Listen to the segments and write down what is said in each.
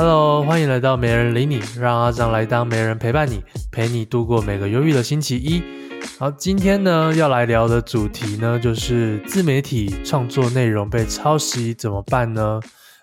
Hello，歡迎來到媒人理你，讓阿璋來當沒人陪伴你，陪你度過每個憂鬱的星期一。好，今天呢要來聊的主題呢，就是自媒體創作內容被抄襲怎麼辦呢？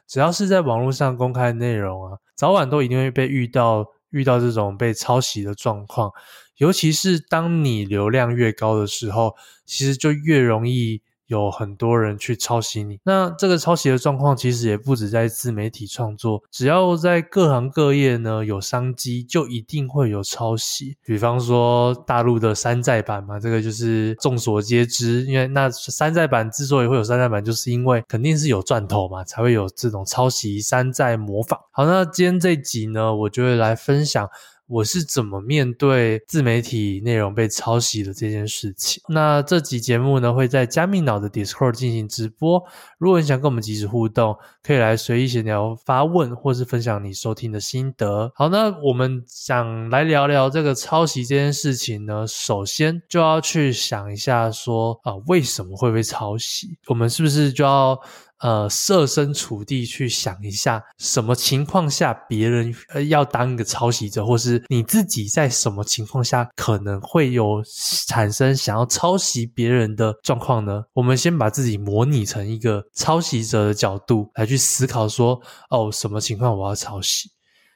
只要是在網絡上公開的內容啊，早晚都一定會被遇到遇到這種被抄襲的狀況，尤其是當你流量越高的時候，其實就越容易。有很多人去抄襲你，那這個抄襲的狀況其實也不止在自媒體創作，只要在各行各業呢有商機，就一定會有抄襲。比方說大陸的山寨版嘛，這個就是眾所皆知，因為那山寨版之所以會有山寨版，就是因為肯定是有賺頭嘛，才會有這種抄襲、山寨、模仿。好，那今天這集呢，我就會來分享。我是怎麼面對自媒體內容被抄襲的這件事情？那這集節目呢，會在加密腦的 Discord 進行直播。如果你想跟我們及時互動，可以來隨意閒聊、發問，或是分享你收聽的心得。好，那我們想來聊聊這個抄襲這件事情呢，首先就要去想一下說，說、呃、啊，為什麼會被抄襲？我們是不是就要？呃，設身處地去想一下，什麼情況下別人要當一個抄襲者，或是你自己在什麼情況下可能會有產生想要抄襲別人的狀況呢？我們先把自己模擬成一個抄襲者的角度來去思考說，說哦，什麼情況我要抄襲？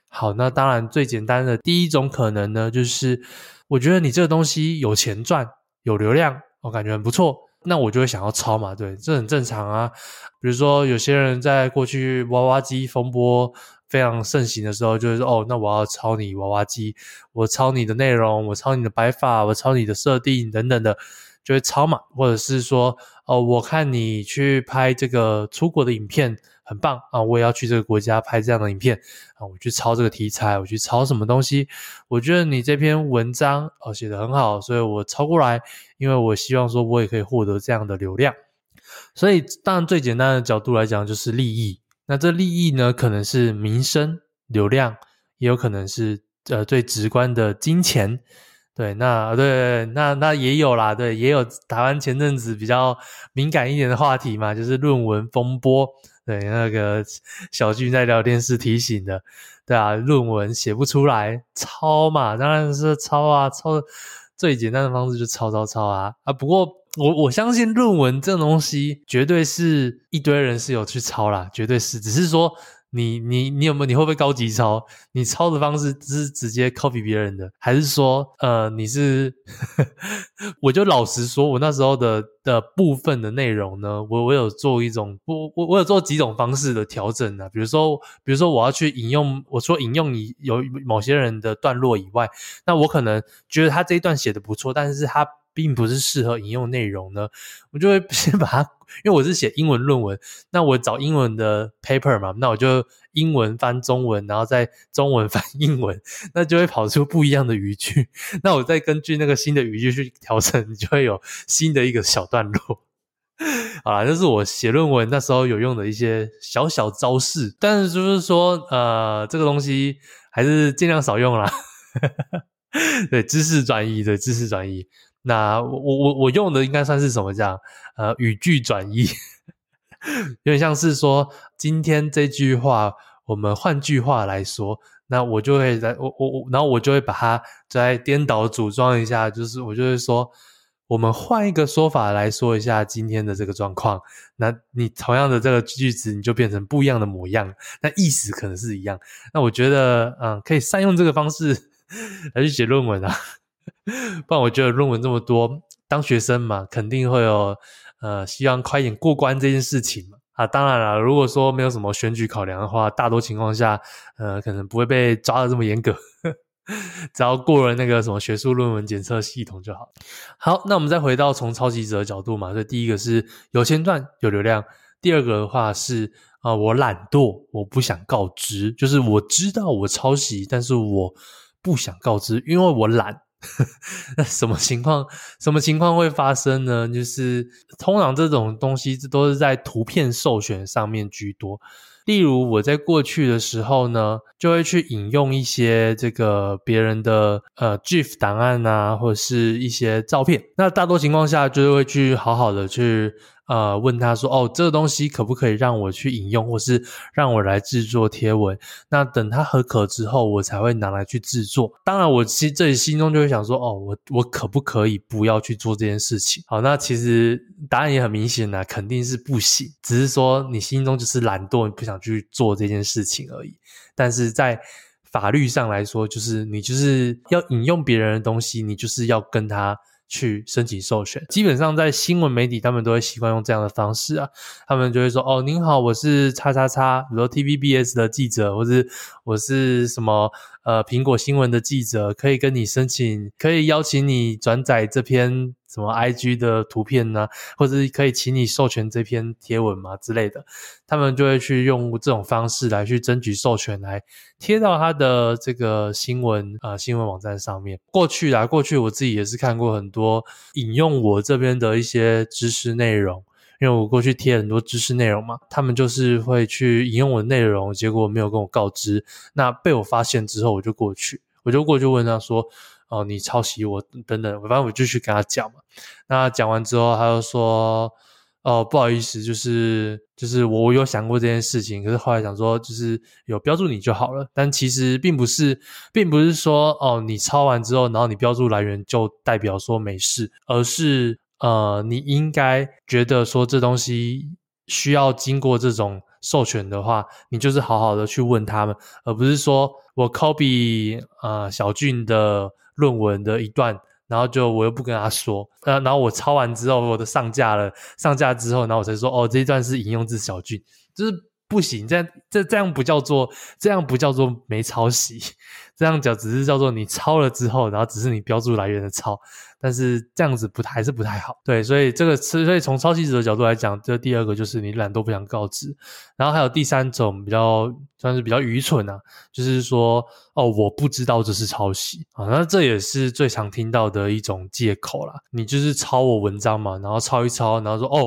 好，那當然最簡單的第一種可能呢，就是我覺得你這個東西有錢賺，有流量，我、哦、感覺很不錯。那我就會想要抄嘛，對，這很正常啊。比如說，有些人在過去娃娃機風波非常盛行的時候，就會說：“哦，那我要抄你娃娃機，我抄你的內容，我抄你的白髮，我抄你的設定等等的，就會抄嘛。”或者是說。哦，我看你去拍這個出國的影片很棒啊！我也要去這個國家拍這樣的影片啊！我去抄這個題材，我去抄什麼東西？我覺得你這篇文章哦寫得很好，所以我抄過來，因為我希望說我也可以獲得這樣的流量。所以，當然最簡單的角度來講就是利益。那這利益呢，可能是名聲、流量，也有可能是呃最直觀的金錢。對，那對那那也有啦，對，也有台灣前陣子比較敏感一點的話題嘛，就是論文風波。對，那個小俊在聊天室提醒的，對啊，論文寫不出來，抄嘛，當然是抄啊，抄最簡單的方式就抄抄抄啊啊！不過我我相信論文這東西絕對是一堆人是有去抄啦，絕對是，只是說。你你你有沒有，你會不會高級抄？你抄的方式是直接 copy 別人的，還是說呃，你是呵呵？我就老實說，我那時候的的部分的內容呢，我我有做一種，我我我有做幾種方式的調整的、啊，比如說，比如說我要去引用，我除了引用有某些人的段落以外，那我可能覺得他這一段寫的不錯，但是他並不是適合引用內容呢，我就會先把它，因為我是寫英文論文，那我找英文的 paper 嘛，那我就英文翻中文，然後再中文翻英文，那就會跑出不一樣的語句，那我再根據那個新的語句去調整，就會有新的一個小段落。好啦，這是我寫論文那時候有用的一些小小招式，但是就是說，呃，這個東西還是盡量少用啦。 對，知識轉移，對知識轉移。那我我我用的應該算是什麼，這樣呃，語句轉譯，有 點像是說今天這句話，我們換句話來說，那我就會在我我我，然後我就會把它再顛倒組裝一下，就是我就會說，我們換一個說法來說一下今天的這個狀況。那你同樣的這個句子，你就變成不一樣的模樣，那意思可能是一樣。那我覺得，嗯、呃，可以善用這個方式來去寫論文啊。不然我覺得論文這麼多，當學生嘛，肯定會有呃希望快點過關這件事情嘛啊，當然了，如果說沒有什麼選舉考量的話，大多情況下，呃，可能不會被抓得這麼嚴格， 只要過了那個什麼學術論文檢測系統就好。好，那我們再回到從抄襲者的角度嘛，所以第一個是有錢賺、有流量，第二個的話是啊、呃，我懶惰，我不想告知，就是我知道我抄襲，但是我不想告知，因為我懶。 那什麼情況？什麼情況會發生呢？就是通常這種東西，這都是在圖片授權上面居多。例如，我在過去的時候呢，就會去引用一些這個別人的呃 GIF 檔案啊，或者是一些照片。那大多情況下，就會去好好的去。呃，問他說，哦，這個東西可不可以讓我去引用，或是讓我來制作貼文？那等他許可之後，我才會拿來去制作。當然，我其實這裡心中就會想說，哦，我我可不可以不要去做這件事情？好，那其實答案也很明顯啦，啊，肯定是不行。只是說你心中就是懶惰，你不想去做這件事情而已。但是在法律上來說，就是你就是要引用別人的東西，你就是要跟他去申請授權，基本上在新聞媒體，他們都會習慣用這樣的方式啊，他們就會說：哦，您好，我是叉叉叉，比如說 TVBS 的記者，或是我是什麼。呃，蘋果新聞的記者可以跟你申請，可以邀請你轉載這篇什麼 IG 的圖片吶、啊，或者可以請你授權這篇貼文嘛之類的，他們就會去用這種方式來去爭取授權，來貼到他的這個新聞啊、呃、新聞網站上面。過去啊，過去我自己也是看過很多引用我這邊的一些知識內容。因為我過去貼很多知識內容嘛，他們就是會去引用我的內容，結果沒有跟我告知。那被我發現之後，我就過去，我就過去問他說：“哦、呃，你抄襲我等等。”反正我就去跟他講嘛。那講完之後，他又說：“哦、呃，不好意思，就是就是我有想過這件事情，可是後來想說，就是有標注你就好了。但其實並不是，並不是說哦、呃，你抄完之後，然後你標注來源就代表說沒事，而是。”呃，你應該覺得說，這東西需要經過這種授權的話，你就是好好的去問他們，而不是說我 copy 啊、呃、小俊的論文的一段，然後就我又不跟他說，呃、然後我抄完之後，我的上架了，上架之後，然後我才說，哦，這一段是引用自小俊，就是。不行，這這這樣不叫做這樣不叫做沒抄襲，這樣講只是叫做你抄了之後，然後只是你標註來源的抄，但是這樣子不太還是不太好。對，所以這個所以從抄襲者的角度來講，這個、第二個就是你懶惰不想告知，然後還有第三種比較算是比較愚蠢啊，就是說哦，我不知道這是抄襲啊，那這也是最常聽到的一種借口啦。你就是抄我文章嘛，然後抄一抄，然後說哦，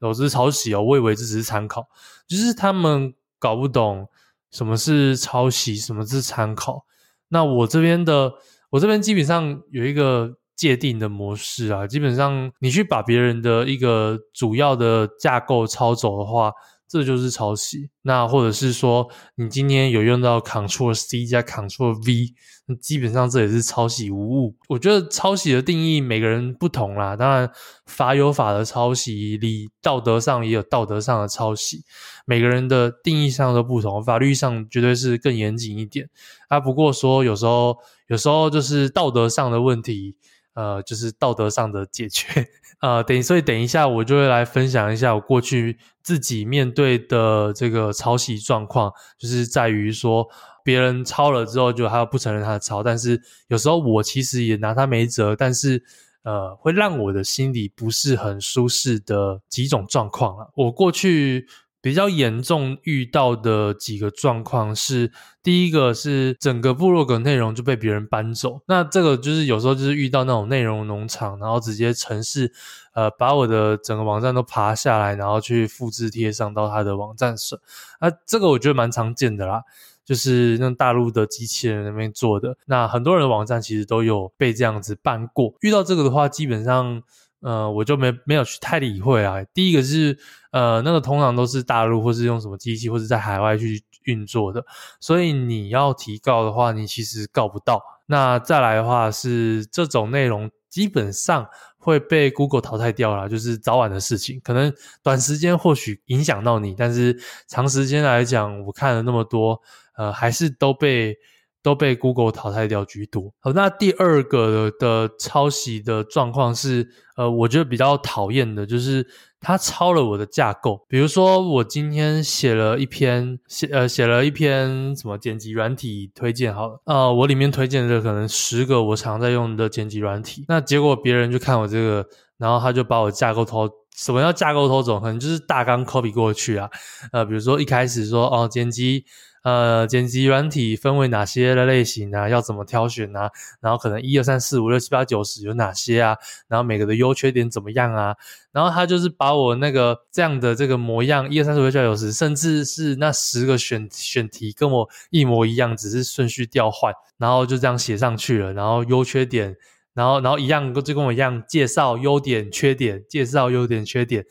我、哦、這是抄襲哦，我以為這只是參考。就是他們搞不懂什麼是抄襲，什麼是參考。那我這邊的，我這邊基本上有一個界定的模式啊。基本上，你去把別人的一個主要的架構抄走的話。這就是抄襲，那或者是說，你今天有用到 Ctrl C 加 Ctrl V，基本上這也是抄襲無誤。我覺得抄襲的定義每個人不同啦，當然法有法的抄襲，理道德上也有道德上的抄襲，每個人的定義上都不同。法律上絕對是更嚴謹一點，啊，不過說有時候，有時候就是道德上的問題。呃，就是道德上的解決，呃，等所以等一下我就會來分享一下我過去自己面對的這個抄襲狀況，就是在於說別人抄了之後就還要不承認他的抄，但是有時候我其實也拿他沒轍，但是呃會讓我的心裡不是很舒適的幾種狀況了啊。我過去。比較嚴重遇到的幾個狀況是，第一個是整個部落格內容就被別人搬走，那這個就是有時候就是遇到那種內容農場，然後直接程式，呃，把我的整個網站都爬下來，然後去複製貼上到他的網站上，啊，這個我覺得蠻常見的啦，就是那大陸的機器人那邊做的，那很多人的網站其實都有被這樣子搬過，遇到這個的話，基本上。呃，我就沒沒有去太理會啊。第一個是，呃，那個通常都是大陸或是用什麼機器，或是在海外去運作的，所以你要提告的話，你其實告不到。那再來的話是，這種內容基本上會被 Google 淘汰掉了，就是早晚的事情。可能短時間或許影響到你，但是長時間來講，我看了那麼多，呃，還是都被。都被 Google 淘汰掉居多。好，那第二個的，的抄襲的狀況是，呃，我覺得比較討厭的，就是他抄了我的架構。比如說，我今天寫了一篇，寫呃，寫了一篇什麼剪輯軟體推薦。好，呃，我裡面推薦的可能十個我常常在用的剪輯軟體。那結果別人就看我這個，然後他就把我架構偷，什麼叫架構偷走？可能就是大綱 copy 過去啊。呃，比如說一開始說哦，剪輯。呃，剪輯軟體分為哪些的類型啊，要怎麼挑選啊，然後可能一二三四五六七八九十有哪些啊？然後每個的優缺點怎麼樣啊？然後他就是把我那個這樣的這個模樣，一二三四五六七八九十，1, 2, 3, 4, 5, 6, 9, 10, 甚至是那十個選選題跟我一模一樣，只是順序調換，然後就這樣寫上去了。然後優缺點，然後然後一樣就跟我一樣介紹優點缺點，介紹優點缺點，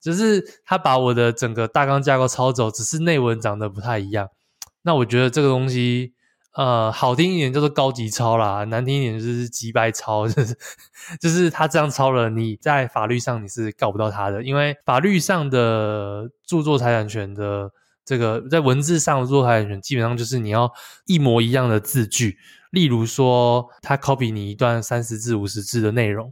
就是他把我的整個大綱架構抄走，只是內文長得不太一樣。那我覺得這個東西，呃，好聽一點就是高級抄啦，難聽一點就是幾百抄，就是就是他這樣抄了，你在法律上你是告不到他的，因為法律上的著作財產權的這個在文字上的著作財產權，權，基本上就是你要一模一樣的字句，例如說他 copy 你一段三十字五十字的內容。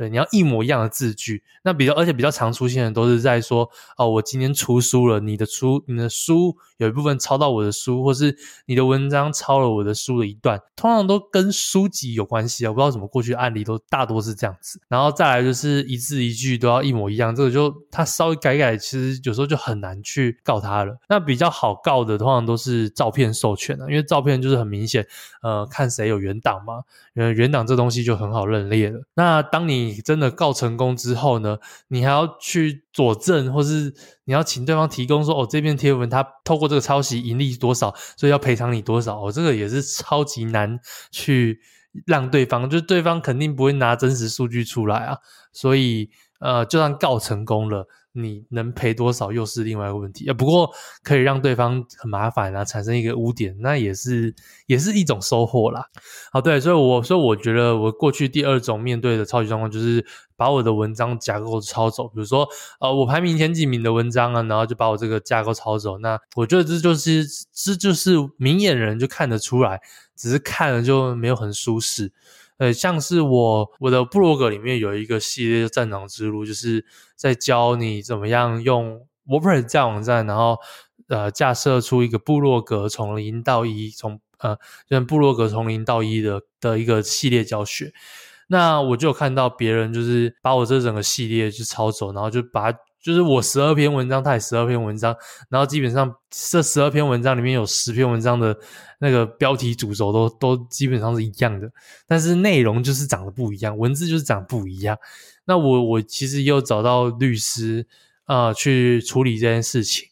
對，你要一模一樣的字句。那比較，而且比較常出現的都是在說，哦，我今天出書了，你的出，你的書有一部分抄到我的書，或是你的文章抄了我的書的一段，通常都跟書籍有關係啊。我不知道怎麼過去案例都大多是這樣子。然後再來就是一字一句都要一模一樣，這個就他稍微改改，其實有時候就很難去告他了。那比較好告的通常都是照片授權的啊，因為照片就是很明顯，呃，看誰有原檔嘛，呃，原檔這東西就很好認列了。那當你你真的告成功之後呢，你還要去佐證，或是你要請對方提供說，哦，這篇貼文它透過這個抄襲盈利多少，所以要賠償你多少，我，哦，這個也是超級難去讓對方，就是對方肯定不會拿真實數據出來啊，所以。呃，就算告成功了，你能賠多少又是另外一個問題。也不過可以讓對方很麻煩啊，產生一個污點，那也是也是一種收穫啦。啊，對，所以我說我覺得我過去第二種面對的抄襲狀況就是把我的文章架構抄走，比如說呃我排名前幾名的文章啊，然後就把我這個架構抄走。那我覺得這就是這就是明眼人就看得出來，只是看了就沒有很舒適。呃，像是我我的部落格裡面有一個系列《的站長之路》，就是在教你怎麼樣用 WordPress 架網站，然後呃架設出一個部落格從0到1，從，從零到一，從呃，就是部落格從零到一的的一個系列教學。那我就看到別人就是把我這整個系列去抄走，然後就把。就是我十二篇文章，他也十二篇文章，然後基本上這十二篇文章裡面有十篇文章的那個標題主都、主軸都都基本上是一樣的，但是內容就是長得不一樣，文字就是長不一樣。那我我其實又找到律師啊、呃、去處理這件事情，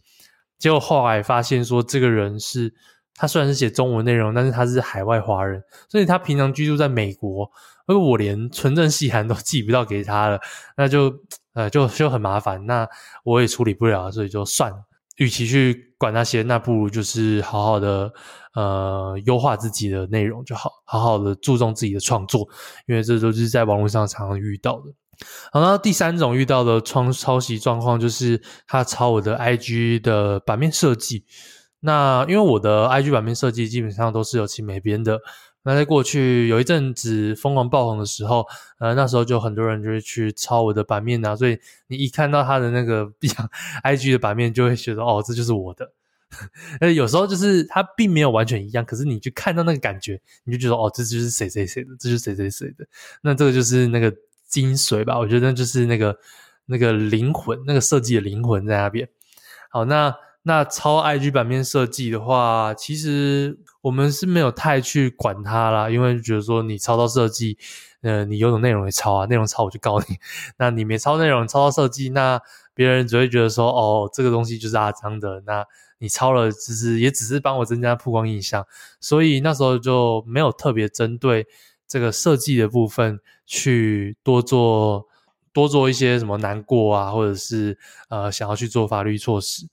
結果後來發現說這個人是他雖然是寫中文內容，但是他是海外華人，所以他平常居住在美國，而且我連存證信函都寄不到給他了，那就。呃、嗯，就就很麻煩，那我也處理不了，所以就算了，與其去管那些，那不如就是好好的呃優化自己的內容就好，好好的注重自己的創作，因為這都是在網絡上常常遇到的。然後第三種遇到的抄抄襲狀況，就是他抄我的 IG 的版面設計，那因為我的 IG 版面設計基本上都是有請美編的。那在過去有一陣子瘋狂爆紅的時候，呃，那時候就很多人就會去抄我的版面啊，所以你一看到他的那個 IG 的版面，就會覺得哦，這就是我的。呃， 有時候就是他並沒有完全一樣，可是你去看到那個感覺，你就覺得哦，這就是誰誰誰的，這就是誰誰誰的。那這個就是那個精髓吧，我覺得那就是那個那個靈魂，那個設計的靈魂在那邊。好，那。那抄 IG 版面設計的話，其實我們是沒有太去管它啦，因為就覺得說你抄到設計，呃，你有種內容也抄啊，內容抄我就告你。那你沒抄內容，抄到設計，那別人只會覺得說，哦，這個東西就是阿璋的。那你抄了，就是，只是也只是幫我增加曝光印象，所以那時候就沒有特別針對這個設計的部分去多做多做一些什麼難過啊，或者是呃想要去做法律措施。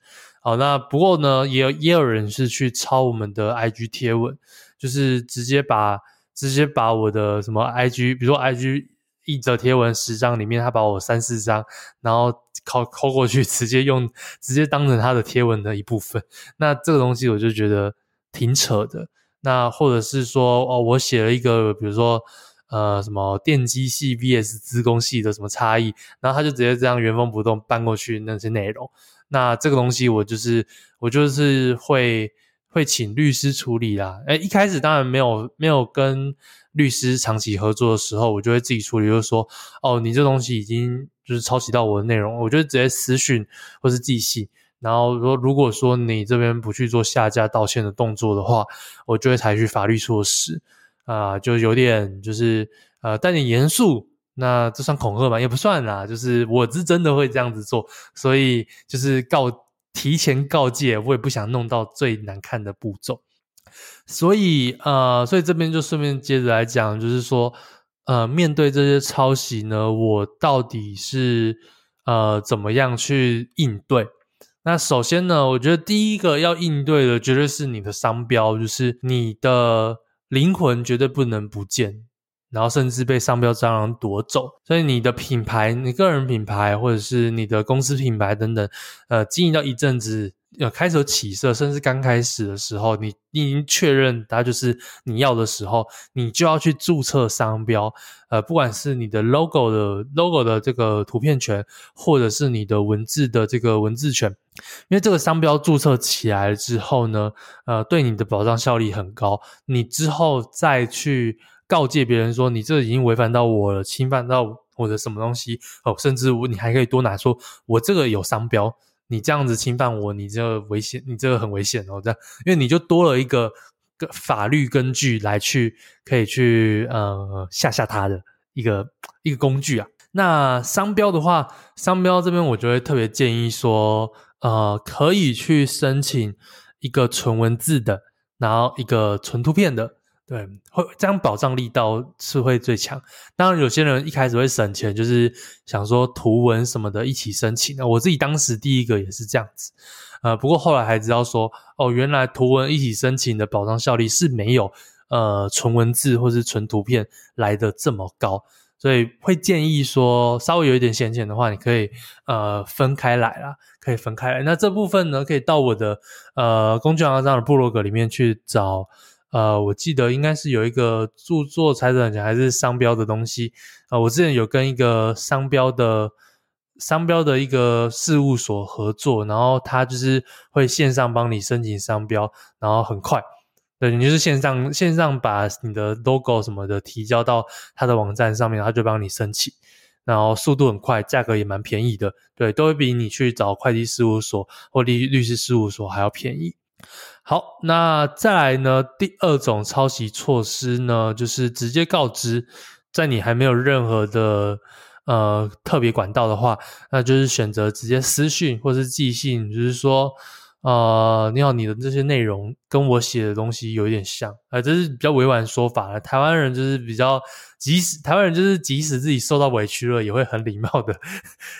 好，那不過呢，也也有人是去抄我們的 IG 貼文，就是直接把直接把我的什麼 IG，比如說 IG 一則貼文十張裡面，他把我三四張，然後摳摳過去，直接用直接當成他的貼文的一部分。那這個東西我就覺得挺扯的。那或者是說，哦，我寫了一個，比如說呃什麼電機系 VS 資工系的什麼差異，然後他就直接這樣原封不動搬過去那些內容。那這個東西我、就是，我就是我就是會會請律師處理啦。哎，一開始當然沒有沒有跟律師長期合作的時候，我就會自己處理，就是說，哦，你這東西已經就是抄襲到我的內容，我就直接私訊或是寄信，然後說，如果說你這邊不去做下架道歉的動作的話，我就會採取法律措施啊、呃，就有點就是呃，帶點嚴肅。那這算恐嚇嗎？也不算啦，就是我是真的會這樣子做，所以就是告，提前告誡，我也不想弄到最難看的步驟。所以呃，所以這邊就順便接着來講，就是說呃，面對這些抄襲呢，我到底是呃怎麼樣去應對？那首先呢，我覺得第一個要應對的，絕對是你的商標，就是你的靈魂，絕對不能不見。然後甚至被商標蟑螂奪走，所以你的品牌，你個人品牌或者是你的公司品牌等等，呃，經營到一陣子，呃，開始有起色，甚至剛開始的時候，你已經確認它就是你要的時候，你就要去註冊商標，呃，不管是你的 logo 的 logo 的這個圖片權，或者是你的文字的這個文字權，因為這個商標註冊起來之後呢，呃，對你的保障效力很高，你之後再去。告誡別人說：“你這已經違反到我了，侵犯到我的什麼東西哦？甚至我，你還可以多拿來說，我這個有商標，你這樣子侵犯我，你這個危險，你這個很危險哦。這樣，因為你就多了一個法律根據來去可以去呃嚇嚇他的一個一個工具啊。那商標的話，商標這邊我就會特別建議說，呃，可以去申請一個純文字的，然後一個純圖片的。”對，會這樣保障力道是會最強。當然，有些人一開始會省錢，就是想說圖文什麼的一起申請。那我自己當時第一個也是這樣子。呃，不過後來還知道說，哦，原來圖文一起申請的保障效力是沒有呃純文字或是純圖片來得這麼高。所以會建議說，稍微有一點閒錢的話，你可以呃分開來啦，可以分開來。那這部分呢，可以到我的呃工具王阿璋的部落格裡面去找。呃，我記得應該是有一個著作財產權還是商標的東西啊，呃，我之前有跟一個商標的商標的一個事務所合作，然後他就是會線上幫你申請商標，然後很快，對，你就是線上線上把你的 logo 什麼的提交到他的網站上面，他就幫你申請，然後速度很快，價格也蠻便宜的，對，都會比你去找會計事務所或律律師事務所還要便宜。好，那再來呢？第二種抄襲措施呢，就是直接告知，在你還沒有任何的呃特別管道，的話，那就是選擇直接私訊或是寄信，就是說。啊、呃，你好，你的這些內容跟我寫的東西有一點像。啊、呃，這是比較委婉的說法，台灣人就是比較即使台灣人就是即使自己受到委屈了，也會很禮貌的，呵呵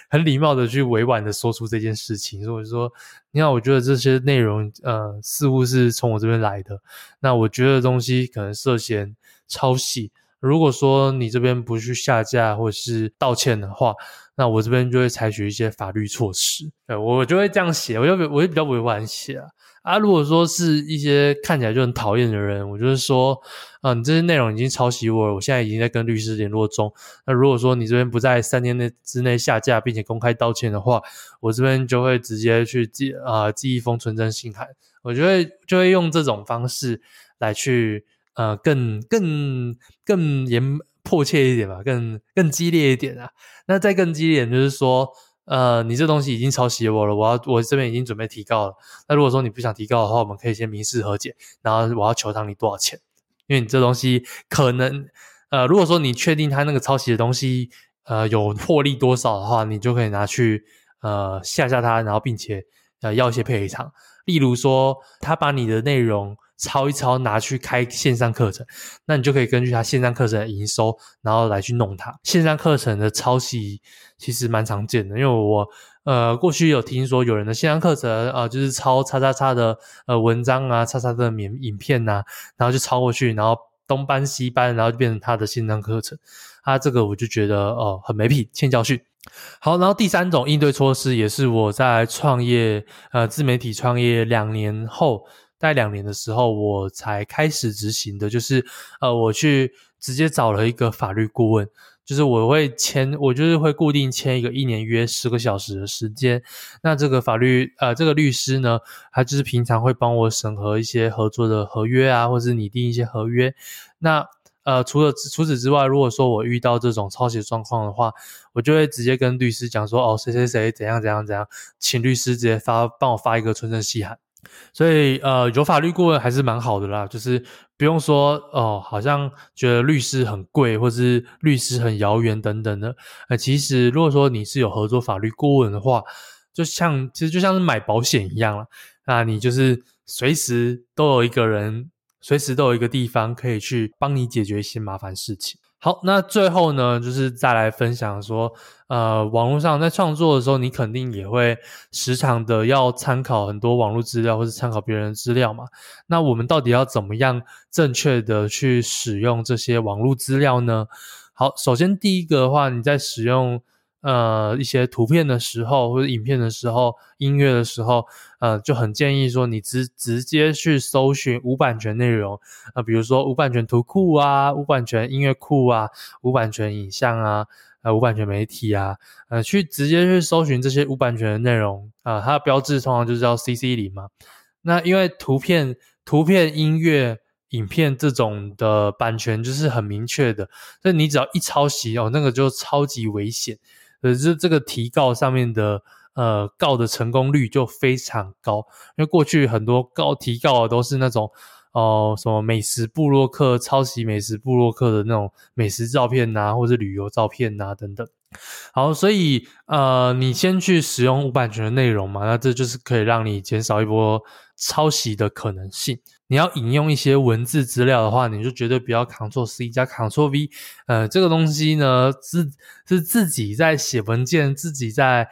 很禮貌的去委婉的說出這件事情。所以我就說，你好，我覺得這些內容，呃，似乎是從我這邊來的，那我覺得東西可能涉嫌抄襲。如果說你這邊不去下架或者是道歉的話，那我這邊就會採取一些法律措施。對，我就會這樣寫，我就我就，我就比較委婉一些寫啊。啊，如果說是一些看起來就很討厭的人，我就是說啊、呃，你這些內容已經抄襲我了，我現在已經在跟律師聯絡中。那如果說你這邊不在三天內之內下架並且公開道歉的話，我這邊就會直接去寄啊寄一封存證信函。我就會就會用這種方式來去。呃，更更更嚴迫切一點吧，更更激烈一點啊。那再更激烈一點，就是說，呃，你這東西已經抄襲我了，我要我這邊已經準備提告了。那如果說你不想提告的話，我們可以先民事和解，然後我要求償你多少錢，因為你這東西可能，呃，如果說你確定他那個抄襲的東西，呃，有獲利多少的話，你就可以拿去呃嚇嚇他，然後並且要，要一些賠償。例如說，他把你的內容，抄一抄，拿去開線上課程，那你就可以根據他線上課程的營收，然後來去弄他。線上課程的抄襲其實蠻常見的，因為我呃過去有聽說有人的線上課程啊、呃，就是抄叉叉叉的呃文章啊，叉叉的影片啊，然後就抄過去，然後東搬西搬，然後就變成他的線上課程。他、啊、這個我就覺得哦、呃，很沒品，欠教訓。好，然後第三種應對措施也是我在創業呃自媒體創業兩年後，待兩年的時候，我才開始執行的，就是呃，我去直接找了一個法律顧問，就是我會簽，我就是會固定簽一個一年約十個小時的時間。那這個法律呃，這個律師呢，他就是平常會幫我審核一些合作的合約啊，或者是擬定一些合約。那呃，除了除此之外，如果說我遇到這種抄襲狀況的話，我就會直接跟律師講說，哦，誰誰誰怎樣怎樣怎樣，請律師直接發幫我發一個存證信函。所以，呃，有法律顧問還是蠻好的啦，就是不用說哦、呃，好像覺得律師很貴，或是律師很遙遠等等的。呃，其實如果說你是有合作法律顧問的話，就像其實就像是買保險一樣啦，那你就是隨時都有一個人，隨時都有一個地方可以去幫你解決一些麻煩事情。好，那最後呢，就是再來分享說，呃，網絡上在創作的時候，你肯定也會時常的要參考很多網絡資料或是參考別人的資料嘛。那我們到底要怎麼樣正確的去使用這些網絡資料呢？好，首先第一個的話，你在使用。呃，一些圖片的時候或者影片的時候，音樂的時候，呃，就很建議說你直直接去搜尋無版權內容啊，呃，比如說無版權圖庫啊，無版權音樂庫啊，無版權影像啊，呃無版權媒體啊，呃，去直接去搜尋這些無版權的內容啊，呃，它的標誌通常就是叫 CC 零嘛。那因為圖片、圖片、音樂、影片這種的版權就是很明確的，但你只要一抄襲哦，那個就超級危險。可是這個提告上面的呃告的成功率就非常高，因為過去很多告提告的都是那種哦、呃、什麼美食部落客抄襲美食部落客的那種美食照片吶、啊，或者旅遊照片吶、啊、等等。好，所以呃，你先去使用無版權的內容嘛，那這就是可以讓你減少一波抄襲的可能性。你要引用一些文字資料的話，你就絕對不要 Ctrl C 加 Ctrl V。呃，這個東西呢，自是，是自己在寫文件，自己在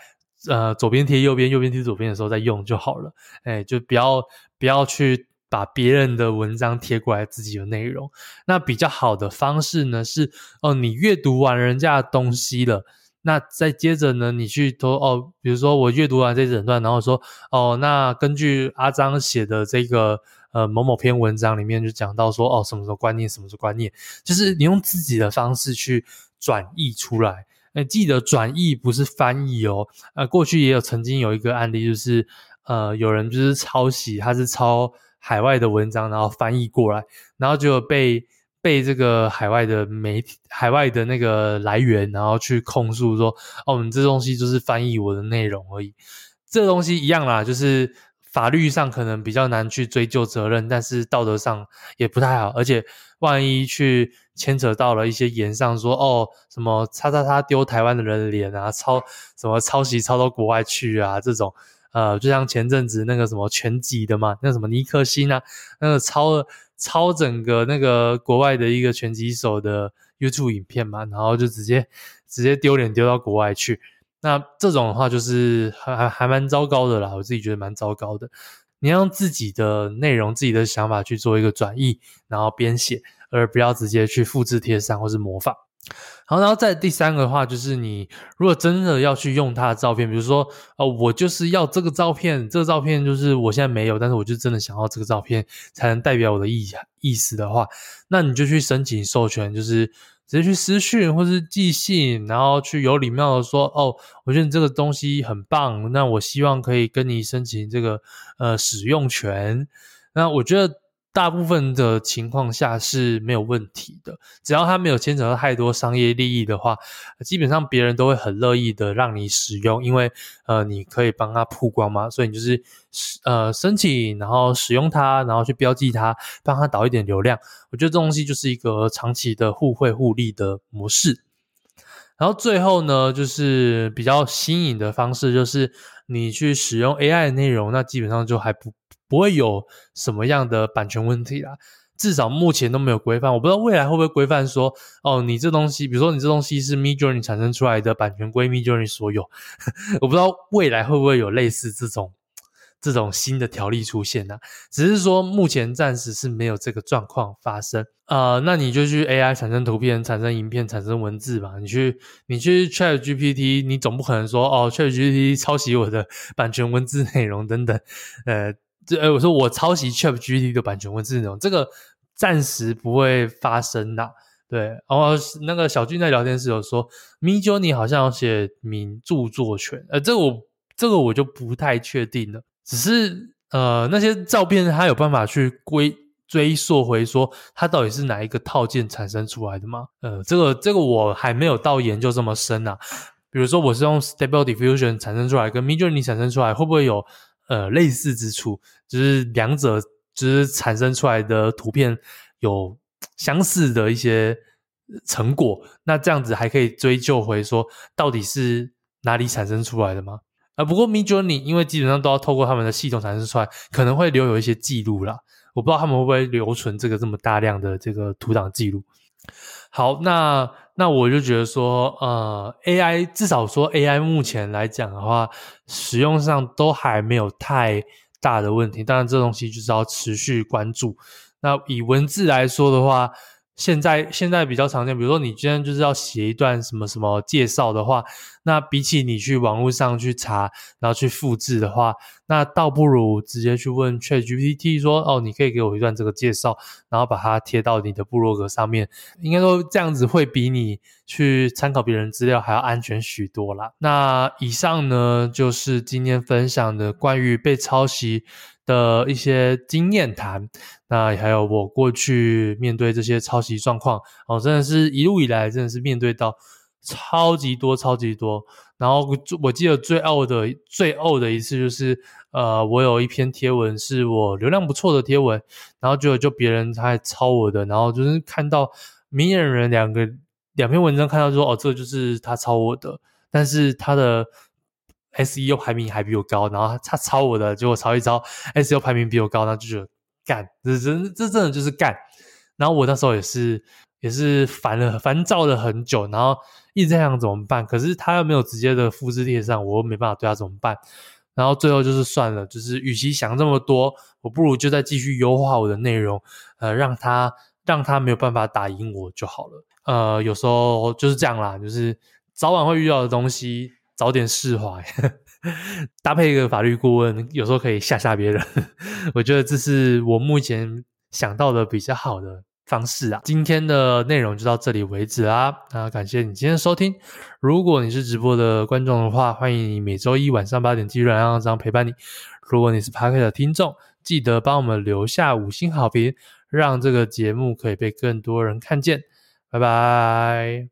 呃左邊貼右邊，右邊貼左邊的時候再用就好了。誒、欸，就不要不要去。把別人的文章貼過來自己的內容，那比較好的方式呢是哦，你閱讀完人家的東西了，那再接着呢，你去說。哦，比如說我閱讀完這一整段，然後說哦，那根據阿璋寫的這個呃某某篇文章裡面就講到說哦，什麼什麼觀念，什麼什麼觀念，就是你用自己的方式去轉譯出來。誒、哎，記得轉譯不是翻譯哦。呃，過去也有曾經有一個案例就是呃，有人就是抄襲，他是抄。海外的文章，然後翻譯過來，然後就被被這個海外的媒體、海外的那個來源，然後去控訴說：“哦，我們這東西就是翻譯我的內容而已。”這東西一樣啦，就是法律上可能比較難去追究責任，但是道德上也不太好，而且萬一去牽扯到了一些言上說：“哦，什麼叉叉叉丟台灣的人的臉啊，抄，什麼抄襲抄到國外去啊，這種。”呃，就像前陣子那個什麼拳擊的嘛，那什麼尼克星啊，那個抄抄整個那個國外的一個拳擊手的 YouTube 影片嘛，然後就直接直接丟臉丟到國外去。那這種的話就是還還還蠻糟糕的啦，我自己覺得蠻糟糕的。你讓自己的內容、自己的想法去做一個轉譯，然後編寫，而不要直接去複製貼上或是模仿。好，然後再第三個的話就是，你如果真的要去用他的照片，比如說，哦、呃，我就是要這個照片，這個照片就是我現在沒有，但是我就真的想要這個照片，才能代表我的意意思的話，那你就去申請授權，就是直接去私訊或是寄信，然後去有禮貌的說，哦，我覺得你這個東西很棒，那我希望可以跟你申請這個呃使用權，那我覺得。大部分的情況下是沒有問題的，只要他沒有牽扯到太多商業利益的話，基本上別人都會很樂意的讓你使用，因為呃，你可以幫他曝光嘛，所以你就是呃申請，然後使用它，然後去標記它，幫他導一點流量。我覺得這東西就是一個長期的互惠互利的模式。然後最後呢，就是比較新穎的方式，就是你去使用 AI 的內容，那基本上就還不。不會有什麼樣的版權問題啦、啊，至少目前都沒有規範。我不知道未來會不會規範說，哦，你這東西，比如說你這東西是 Midjourney 產生出來的，版權歸 Midjourney 所有。我不知道未來會不會有類似這種、這種新的條例出現呢、啊？只是說目前暫時是沒有這個狀況發生啊、呃。那你就去 AI 產生圖片、產生影片、產生文字吧。你去你去 ChatGPT，你總不可能說哦，ChatGPT 抄襲我的版權文字內容等等，呃。這，哎、呃，我說我抄襲 ChatGPT 的版權文字內容，這個暫時不會發生啦、啊。對，然、哦、後那個小俊在聊天室有說，Midjourney 好像要寫名著作權，呃，這個、我這個我就不太確定了。只是，呃，那些照片他有辦法去歸追溯回說，它到底是哪一個套件產生出來的嗎？呃，這個這個我還沒有到研究這麼深啊。比如說，我是用 Stable Diffusion 產生出來，跟 Midjourney 產生出來，會不會有？呃，類似之處，就是兩者就是產生出來的圖片有相似的一些成果，那這樣子還可以追究回說到底是哪裡產生出來的嗎？啊，不過 Midjourney 因為基本上都要透過他們的系統產生出來，可能會留有一些記錄了。我不知道他們會不會留存這個這麼大量的這個圖檔記錄。好，那那我就覺得說，呃，AI 至少說 AI 目前來講的話，使用上都還沒有太大的問題。當然，這東西就是要持續關注。那以文字來說的話。現在現在比較常見，比如說你今天就是要寫一段什麼什麼介紹的話，那比起你去網絡上去查，然後去複製的話，那倒不如直接去問 ChatGPT 說，哦，你可以給我一段這個介紹，然後把它貼到你的部落格上面。應該說這樣子會比你去參考別人資料還要安全許多啦。那以上呢就是今天分享的關於被抄襲的一些經驗談，那還有我過去面對這些抄襲狀況，哦，真的是一路以來真的是面對到超級多、超級多。然後我記得最嘔的、最嘔的一次就是，呃，我有一篇貼文是我流量不錯的貼文，然後結果就就別人他還抄我的，然後就是看到明眼人兩個兩篇文章看到說，哦，這個就是他抄我的，但是他的。SEO 排名還比我高，然後他抄我的，結果抄一抄 SEO 排名比我高，那就就幹，這真這這真的就是幹。然後我那時候也是也是煩了，煩躁了很久，然後一直在想怎麼辦。可是他又沒有直接的複製貼上，我又沒辦法對他怎麼辦。然後最後就是算了，就是與其想這麼多，我不如就再繼續優化我的內容，呃，讓他讓他沒有辦法打贏我就好了。呃，有時候就是這樣啦，就是早晚會遇到的東西。早點釋懷呵呵，搭配一個法律顧問，有時候可以嚇嚇別人呵呵。我覺得這是我目前想到的比較好的方式啊。今天的內容就到這裡為止啦，啊，那感謝你今天的收聽。如果你是直播的觀眾的話，歡迎你每週一晚上八點繼續來讓阿璋陪伴你。如果你是 Podcast 的聽眾，記得幫我們留下五星好評，讓這個節目可以被更多人看見。拜拜。